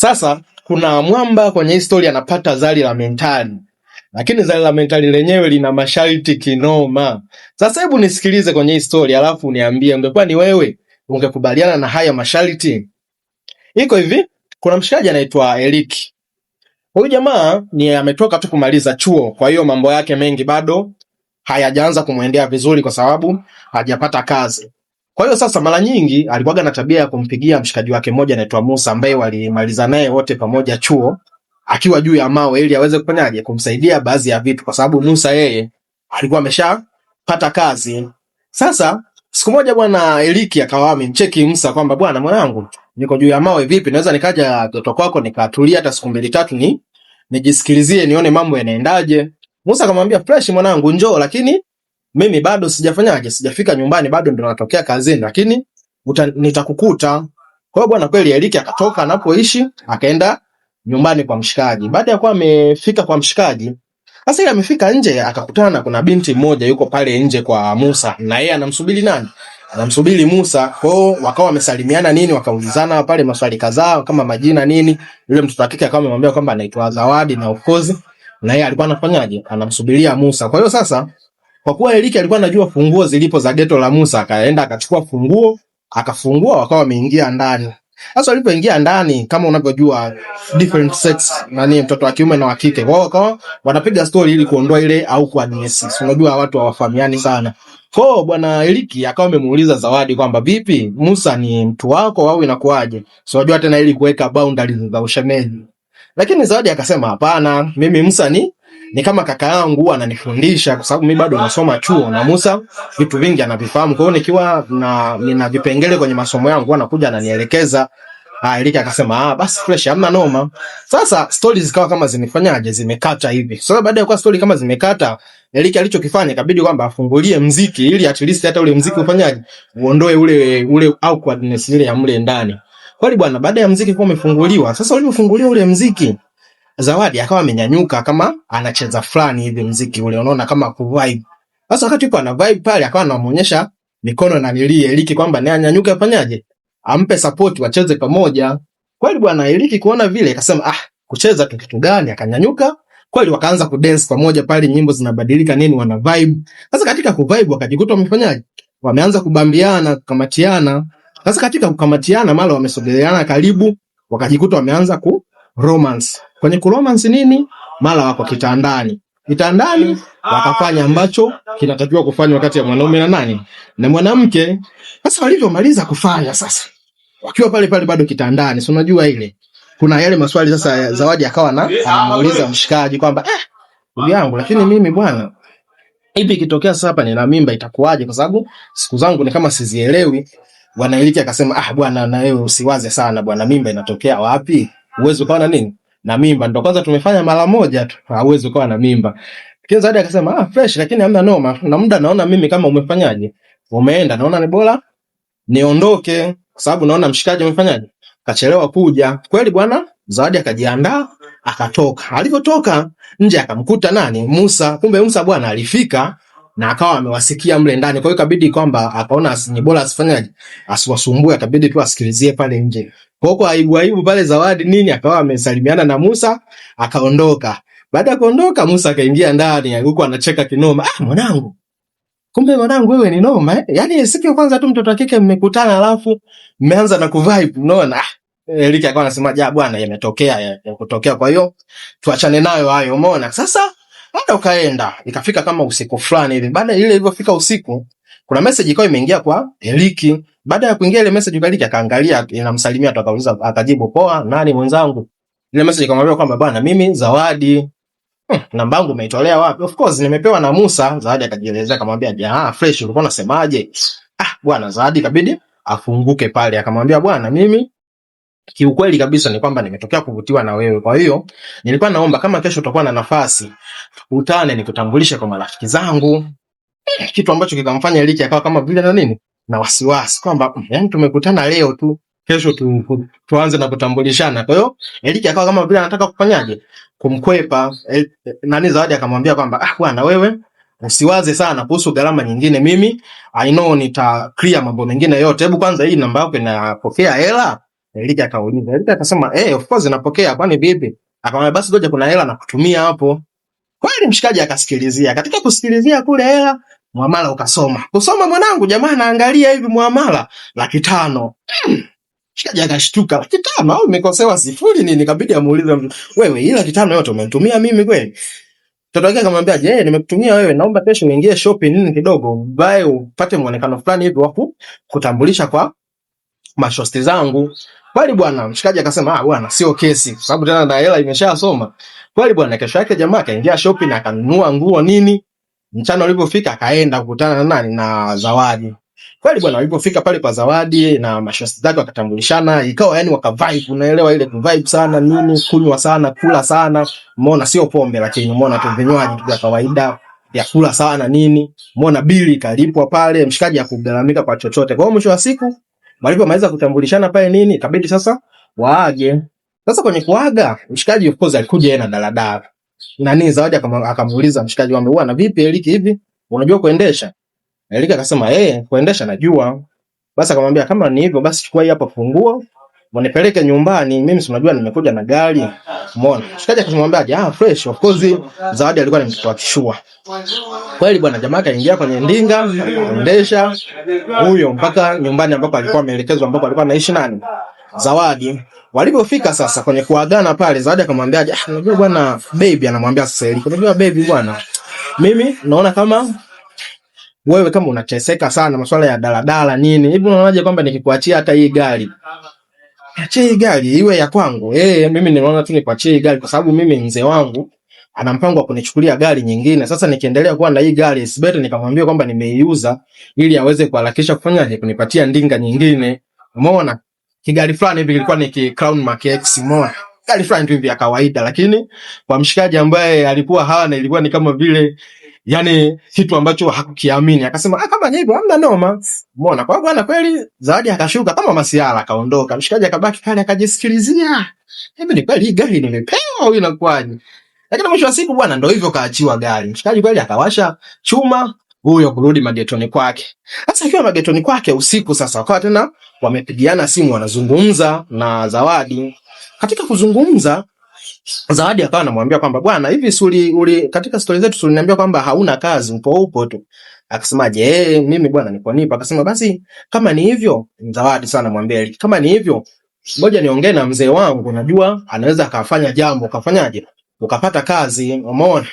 Sasa kuna mwamba kwenye hii stori anapata zali la mentali, lakini zali la mentali lenyewe lina masharti kinoma. Sasa hebu nisikilize kwenye hii stori alafu niambie, ungekuwa ni wewe ungekubaliana na haya masharti? Iko hivi, kuna mshikaji anaitwa Eric. Huyu jamaa ni ametoka tu kumaliza chuo, kwa hiyo mambo yake mengi bado hayajaanza kumwendea vizuri, kwa sababu hajapata kazi. Kwa hiyo sasa, mara nyingi alikuwaga na tabia ya kumpigia mshikaji wake mmoja anaitwa Musa, ambaye walimaliza naye wote pamoja chuo, akiwa juu ya mawe, ili aweze kufanyaje, kumsaidia baadhi ya vitu, kwa sababu Musa yeye alikuwa ameshapata kazi. Sasa siku moja bwana Eliki akawa amemcheki Musa kwamba bwana, mwanangu, niko juu ya mawe, vipi naweza nikaja toto kwako nikatulia hata siku mbili tatu, ni nijisikilizie nione mambo yanaendaje? Musa akamwambia fresh, mwanangu, njoo, lakini mimi bado sijafanyaje, sijafika nyumbani, bado ndo natokea kazini, lakini nitakukuta. Kwa hiyo bwana, kweli Eliki akatoka anapoishi akaenda nyumbani kwa mshikaji. Baada ya kuwa amefika kwa mshikaji, sasa ile amefika nje akakutana kuna binti mmoja yuko pale nje kwa Musa, na yeye anamsubiri nani? Anamsubiri Musa. Kwa hiyo wakawa wamesalimiana nini, wakaulizana pale maswali kadhaa kama majina nini. Yule mtoto hakika akawa amemwambia kwamba anaitwa Zawadi, na of course na yeye alikuwa anafanyaje? Anamsubiria Musa. Kwa hiyo sasa kwa kuwa Eliki alikuwa anajua funguo zilipo za geto la Musa, akaenda akachukua funguo, akafungua, wakawa wameingia ndani. Sasa walipoingia ndani, kama unavyojua different sex nani, mtoto wa kiume na wa kike, wao wakawa wanapiga story ili kuondoa ile au kwa nesi, unajua watu hawafahamiani sana. Kwa bwana Eliki akawa amemuuliza Zawadi kwamba vipi, Musa ni mtu wako au inakuwaje? So unajua tena ili kuweka boundaries za ushemeji, lakini Zawadi akasema hapana, mimi Musa ni ni kama kaka yangu ananifundisha, kwa sababu mimi bado nasoma chuo na Musa vitu vingi anavifahamu. Kwa hiyo nikiwa na nina vipengele kwenye masomo yangu anakuja ananielekeza. Ah, Eric akasema ah, basi fresh, hamna noma. Sasa stories zikawa kama zimefanyaje, zimekata hivi. Sasa baada ya kuwa story kama zimekata, Eric alichokifanya ikabidi kwamba afungulie mziki ili at least hata ule mziki ufanyaje, uondoe ule ule awkwardness ile ya mle ndani. Kwa hiyo bwana, baada ya mziki kuwa umefunguliwa, sasa ulipofunguliwa ule mziki Zawadi akawa amenyanyuka kama anacheza fulani hivi mziki ule, unaona kama ku vibe. Sasa wakati yuko ana vibe pale, akawa anamuonyesha mikono na nilie Eliki kwamba naye anyanyuke afanyaje, ampe support, wacheze pamoja. Kweli bwana Eliki kuona vile akasema ah, kucheza tu kitu gani? Akanyanyuka kweli, wakaanza ku dance pamoja pale, nyimbo zinabadilika nini, wana vibe. Sasa katika ku vibe wakajikuta wamefanyaje, wameanza kubambiana, kukamatiana. Sasa katika kukamatiana, mara wamesogeleana karibu, wakajikuta wameanza ku romance. Kwenye ku romance nini? Mara wako kitandani, kitandani wakafanya ambacho kinatakiwa kufanywa wakati ya mwanaume na nani na mwanamke. Sasa walivyomaliza kufanya, sasa wakiwa pale pale bado kitandani, si unajua ile kuna yale maswali sasa. Zawadi akawa na anamuuliza mshikaji kwamba eh, ndugu yangu, lakini mimi bwana ipi kitokea sasa hapa nina mimba itakuwaje? Kwa sababu siku zangu ni kama sizielewi. Bwana Iliki akasema, ah bwana, na wewe usiwaze sana bwana, mimba inatokea wapi? uwezi ukawa na nini na mimba. Ndo kwanza tumefanya mara moja tu, hauwezi ukawa na mimba. Lakini zaidi akasema ah, fresh, lakini hamna noma, na muda naona mimi kama umefanyaje, umeenda, naona ni bora niondoke, kwa sababu naona mshikaji umefanyaje, kachelewa kuja. Kweli bwana Zawadi akajiandaa akatoka. Alivyotoka nje akamkuta nani? Musa. Kumbe Musa bwana alifika na akawa amewasikia mle ndani, kwa hiyo ikabidi kwamba akaona ni bora asifanyaje, asiwasumbue, akabidi tu asikilizie pale nje. Kwa hiyo aibu aibu pale Zawadi nini akawa amesalimiana na Musa akaondoka. Baada ya kuondoka Musa akaingia ndani huko anacheka kinoma. Ah, mwanangu. Kumbe mwanangu wewe ni noma eh? Yaani siku ya kwanza tu mtoto wa kike mmekutana alafu mmeanza na kuvibe unaona? Ah, Eliki akawa anasema ja bwana yametokea ya, kutokea kwa hiyo tuachane nayo hayo umeona. Sasa muda ukaenda ikafika kama usiku fulani hivi. Baada ile ilivyofika usiku kuna message ikawa imeingia kwa Eliki baada ya kuingia ile message Ugaliki akaangalia inamsalimia tu akauliza akajibu poa, nani mwenzangu? Ile message ikamwambia kwamba bwana, mimi Zawadi. Hmm, namba yangu umeitolea wapi? Of course nimepewa na Musa. Zawadi akajielezea akamwambia, "Ah, fresh ulikuwa unasemaje?" Ah, bwana Zawadi kabidi afunguke pale akamwambia, bwana, mimi kiukweli kabisa ni kwamba nimetokea kuvutiwa na wewe. Kwa hiyo nilikuwa naomba kama kesho utakuwa na nafasi utane nikutambulishe kwa marafiki zangu, hmm, kitu ambacho kikamfanya Liki akawa kama vile na nini na wasiwasi kwamba mm, yani tumekutana leo tu, kesho tu, tu, tuanze na kutambulishana. Kwa hiyo Eric akawa kama vile anataka kufanyaje kumkwepa el, e, nani Zawadi akamwambia kwamba ah, bwana wewe usiwaze sana kuhusu gharama nyingine, mimi I know nita clear mambo mengine yote, hebu kwanza hii namba yako inapokea hela? Eric akauliza. Eric akasema eh, of course inapokea, kwani vipi? Akamwambia basi ngoja, kuna hela nakutumia hapo. Kweli mshikaji akasikilizia. Katika kusikilizia kule hela Mwamala ukasoma. Kusoma mwanangu, jamaa anaangalia hivi mwamala laki tano. Hmm. Shikaji akashtuka, laki tano au imekosewa sifuri nini? kabidi amuulize mtu, wewe hii laki tano yote umenitumia mimi kweli? Mtoto wake akamwambia, je, nimekutumia wewe, naomba kesho uingie shopping nini kidogo, bae upate muonekano fulani hivi waku kutambulisha kwa mashosti zangu. Kweli bwana, mshikaji akasema, ah bwana, sio kesi, kwa sababu tena na hela imeshasoma. Kweli bwana, kesho yake jamaa akaingia shopping akanunua nguo nini Mchana ulipofika akaenda kukutana na nani na Zawadi. Kweli bwana, walipofika pale kwa Zawadi na mashosti zake wakatambulishana, ikawa yani waka vibe, unaelewa ile vibe sana, nini, kunywa sana, kula sana, umeona sio pombe, lakini umeona tu vinywaji vya kawaida ya kula sana nini, umeona bili ikalipwa pale, mshikaji hakulalamika kwa chochote. Kwa hiyo mwisho wa siku walipomaliza kutambulishana pale nini, ikabidi sasa waage. Sasa kwenye kuaga, mshikaji of course alikuja yeye na daladala nani Zawadi akamuuliza mshikaji wake, bwana vipi Eliki, hivi unajua kuendesha? Eliki akasema eh, kuendesha najua. Basi akamwambia kama ni hivyo basi chukua hapa funguo wanipeleke nyumbani, mimi si unajua nimekuja na gari. Umeona, shikaji akamwambia ah, fresh of course. Zawadi alikuwa ni mtoto wa kishua kweli bwana. Jamaa kaingia kwenye ndinga endesha huyo mpaka nyumbani ambapo alikuwa ameelekezwa, ambapo alikuwa anaishi nani Zawadi. Walipofika sasa kwenye kuagana pale, Zawadi akamwambia, "Ah, unajua bwana baby," anamwambia sasa hili. "Unajua baby bwana, mimi naona kama wewe kama unateseka sana masuala ya daladala nini. Hivi unaonaje kwamba nikikuachia hata hii gari?" "Achia hii gari iwe ya kwangu." Eh, mimi nimeona tu nikuachie hii gari kwa sababu mimi mzee wangu ana mpango wa kunichukulia gari nyingine. Sasa nikiendelea kuwa na hii gari sibeti, nikamwambia kwamba nimeiuza ili aweze kuharakisha kufanya kunipatia ndinga nyingine. Umeona? kigari fulani hivi kilikuwa ni ki Crown Mark X moja gari fulani tu hivi ya kawaida, lakini kwa mshikaji ambaye alikuwa hana ilikuwa ni kama vile yani kitu ambacho hakukiamini, akasema ah, kama hivyo hamna noma. Umeona, kwa bwana kweli. Zawadi akashuka kama masiara, akaondoka. Mshikaji akabaki pale, akajisikilizia, hebu ni kweli gari nimepewa au inakuwaje? Lakini mwisho wa siku bwana, ndio hivyo, kaachiwa gari. Mshikaji kweli akawasha chuma huyo kurudi magetoni kwake. Sasa akiwa magetoni kwake usiku, sasa wakawa tena wamepigiana simu, wanazungumza na Zawadi. Katika kuzungumza, Zawadi akawa anamwambia kwamba bwana, hivi suli uli, katika stori zetu uliniambia kwamba hauna kazi, upo upo tu. Akasema je, eh, mimi bwana niko nipa. Akasema basi kama ni hivyo, Zawadi sana anamwambia hili, kama ni hivyo, ngoja niongee na mzee wangu, najua anaweza akafanya jambo, ukafanyaje ukapata kazi. Umeona?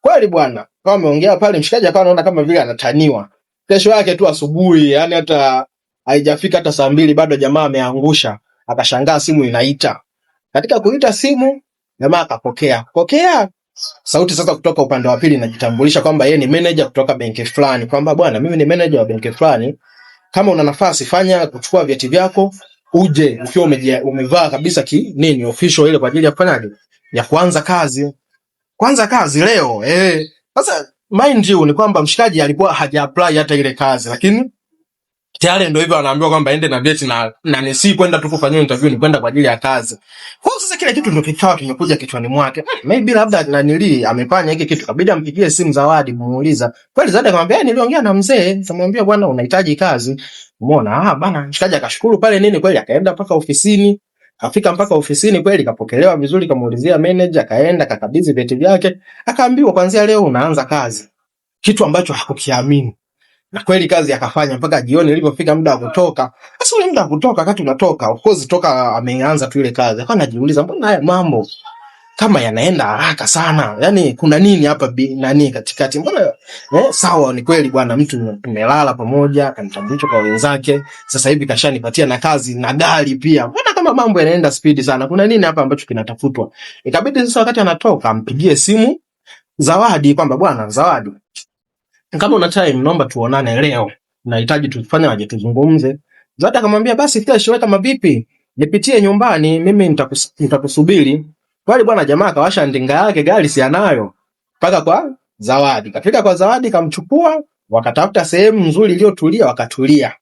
Kweli bwana, kama ameongea pale mshikaji akawa anaona kama vile anataniwa. Kesho yake tu asubuhi, yani hata haijafika hata saa mbili bado jamaa ameangusha, akashangaa simu inaita. Katika kuita simu jamaa akapokea, pokea sauti sasa kutoka upande wa pili inajitambulisha kwamba yeye ni meneja kutoka benki fulani, kwamba bwana, mimi ni meneja wa benki fulani, kama una nafasi fanya kuchukua vyeti vyako uje ukiwa umevaa kabisa ki nini official ile kwa ajili ya kufanya ya kuanza kazi kwanza kazi leo eh. Sasa mind you ni kwamba mshikaji alikuwa haja apply hata ile kazi, lakini tayari ndio hivyo anaambiwa kwamba ende na date na na nisi kwenda tu kufanya interview, ni kwenda kwa ajili ya kazi. Kwa sasa kile kitu ndio kikawa kimekuja kichwani mwake, hmm, maybe labda na nili amefanya hiki kitu, kabidi ampigie simu Zawadi muuliza kweli. Zawadi akamwambia eh, niliongea na mzee, samwambia bwana, unahitaji kazi. Umeona ah bana, mshikaji akashukuru pale nini, kweli akaenda mpaka ofisini Kafika mpaka ofisini kweli, kapokelewa vizuri, kamuulizia manager, kaenda kakabidhi vyeti vyake, akaambiwa kuanzia leo unaanza kazi, kitu ambacho hakukiamini. Na kweli kazi akafanya mpaka jioni. Ilipofika muda wa kutoka, sasa ule muda wa kutoka, wakati unatoka, of course toka ameanza tu ile kazi, akawa anajiuliza mbona haya mambo kama yanaenda haraka sana, yani kuna nini hapa nani katikati? Mbona eh, sawa ni kweli bwana, mtu tumelala pamoja, akanitambulisha kwa wenzake, sasa hivi kashanipatia na kazi na gari pia, mbona kama mambo yanaenda spidi sana, kuna nini hapa ambacho kinatafutwa? Ikabidi sasa, wakati anatoka, ampigie simu Zawadi kwamba bwana Zawadi, kama una time, naomba tuonane leo, nahitaji tufanye waje tuzungumze. Zawadi akamwambia basi kesho, kama vipi, nipitie nyumbani, mimi nitakusubiri. Kwani bwana jamaa akawasha ndinga yake, gari si anayo, mpaka kwa Zawadi. Kafika kwa Zawadi, kamchukua, wakatafuta sehemu nzuri iliyotulia, wakatulia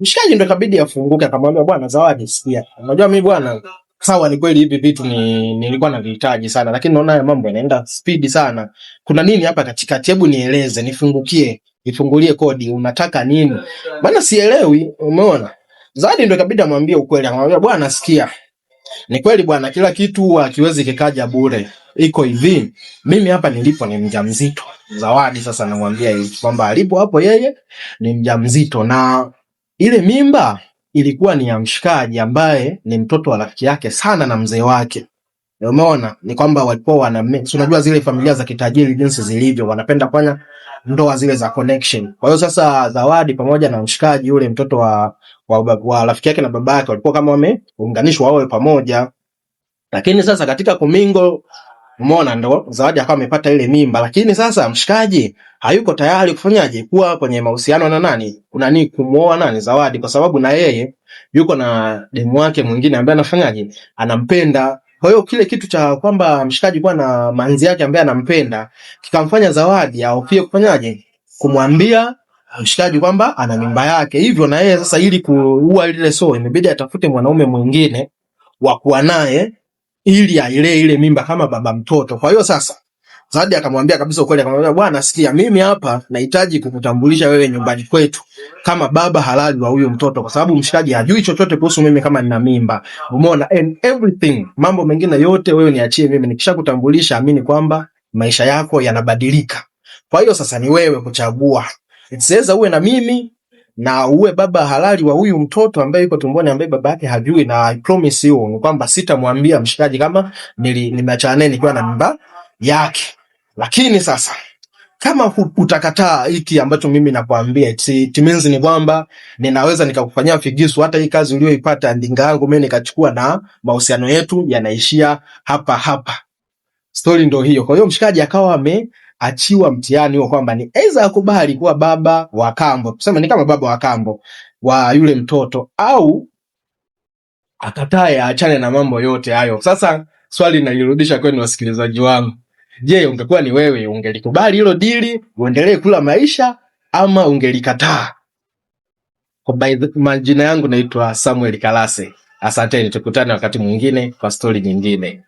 Mshikaji ndo kabidi afunguke, akamwambia bwana Zawadi, sikia, unajua mimi bwana, sawa, ni kweli hivi vitu ni nilikuwa navihitaji sana, lakini naona haya mambo yanaenda speed sana. Kuna nini hapa katikati? Hebu nieleze, nifungukie, nifungulie kodi, unataka nini? Maana sielewi, umeona. Zawadi ndo kabidi amwambie ukweli, akamwambia bwana, sikia, ni kweli bwana, kila kitu akiwezi kikaja bure iko hivi, mimi hapa nilipo ni mjamzito. Zawadi sasa namwambia hivi kwamba alipo hapo yeye ni mjamzito na ile mimba ilikuwa ni ya mshikaji ambaye ni mtoto wa rafiki yake sana na mzee wake. Umeona ni kwamba walikuwa wana, unajua zile familia za kitajiri jinsi zilivyo, wanapenda kufanya ndoa zile za connection. Kwa hiyo sasa Zawadi pamoja na mshikaji yule mtoto wa, wa, wa rafiki yake na baba yake walikuwa kama wameunganishwa wawe pamoja, lakini sasa katika kumingo Umeona, ndo Zawadi akawa amepata ile mimba, lakini sasa mshikaji hayuko tayari kufanyaje, kuwa kwenye mahusiano na nani, kuna nini, kumuoa nani Zawadi, kwa sababu na yeye yuko na demu wake mwingine ambaye anafanyaje, anampenda. Kwa hiyo kile kitu cha kwamba mshikaji kuwa na manzi yake ambaye anampenda kikamfanya Zawadi ahofie kufanyaje, kumwambia mshikaji kwamba ana mimba yake. Hivyo na yeye sasa, ili kuua lile so, imebidi atafute mwanaume mwingine wa kuwa naye ili ailee ile mimba kama baba mtoto. Kwa hiyo sasa Zadi akamwambia kabisa ukweli, akamwambia bwana, sikia, mimi hapa nahitaji kukutambulisha wewe nyumbani kwetu kama baba halali wa huyo mtoto, kwa sababu mshikaji hajui chochote kuhusu mimi kama nina mimba, umeona, and everything, mambo mengine yote wewe niachie mimi. Nikishakutambulisha amini kwamba maisha yako yanabadilika. Kwa hiyo sasa ni wewe kuchagua, itaweza uwe na mimi na uwe baba halali wa huyu mtoto ambaye yuko tumboni ambaye baba yake hajui, na I promise you ni kwamba sitamwambia mshikaji kama nimeachana naye nikiwa na mimba yake. Lakini sasa kama utakataa hiki ambacho mimi nakwambia, it means ni kwamba ninaweza nikakufanyia figisu. Hata hii kazi uliyoipata ndinga yangu mimi nikachukua, na mahusiano yetu yanaishia hapa hapa. Stori ndio hiyo. Kwa hiyo mshikaji akawa ame achiwa mtihani huo kwamba ni aidha akubali kuwa baba wa kambo, tuseme ni kama baba wa kambo wa yule mtoto, au akatae, aachane na mambo yote hayo. Sasa swali nalirudisha kwenu wasikilizaji wangu, je, ungekuwa ni wewe, ungelikubali hilo dili uendelee kula maisha ama ungelikataa? Kwa majina yangu naitwa Samuel Kalase. Asanteni, tukutane wakati mwingine kwa stori nyingine.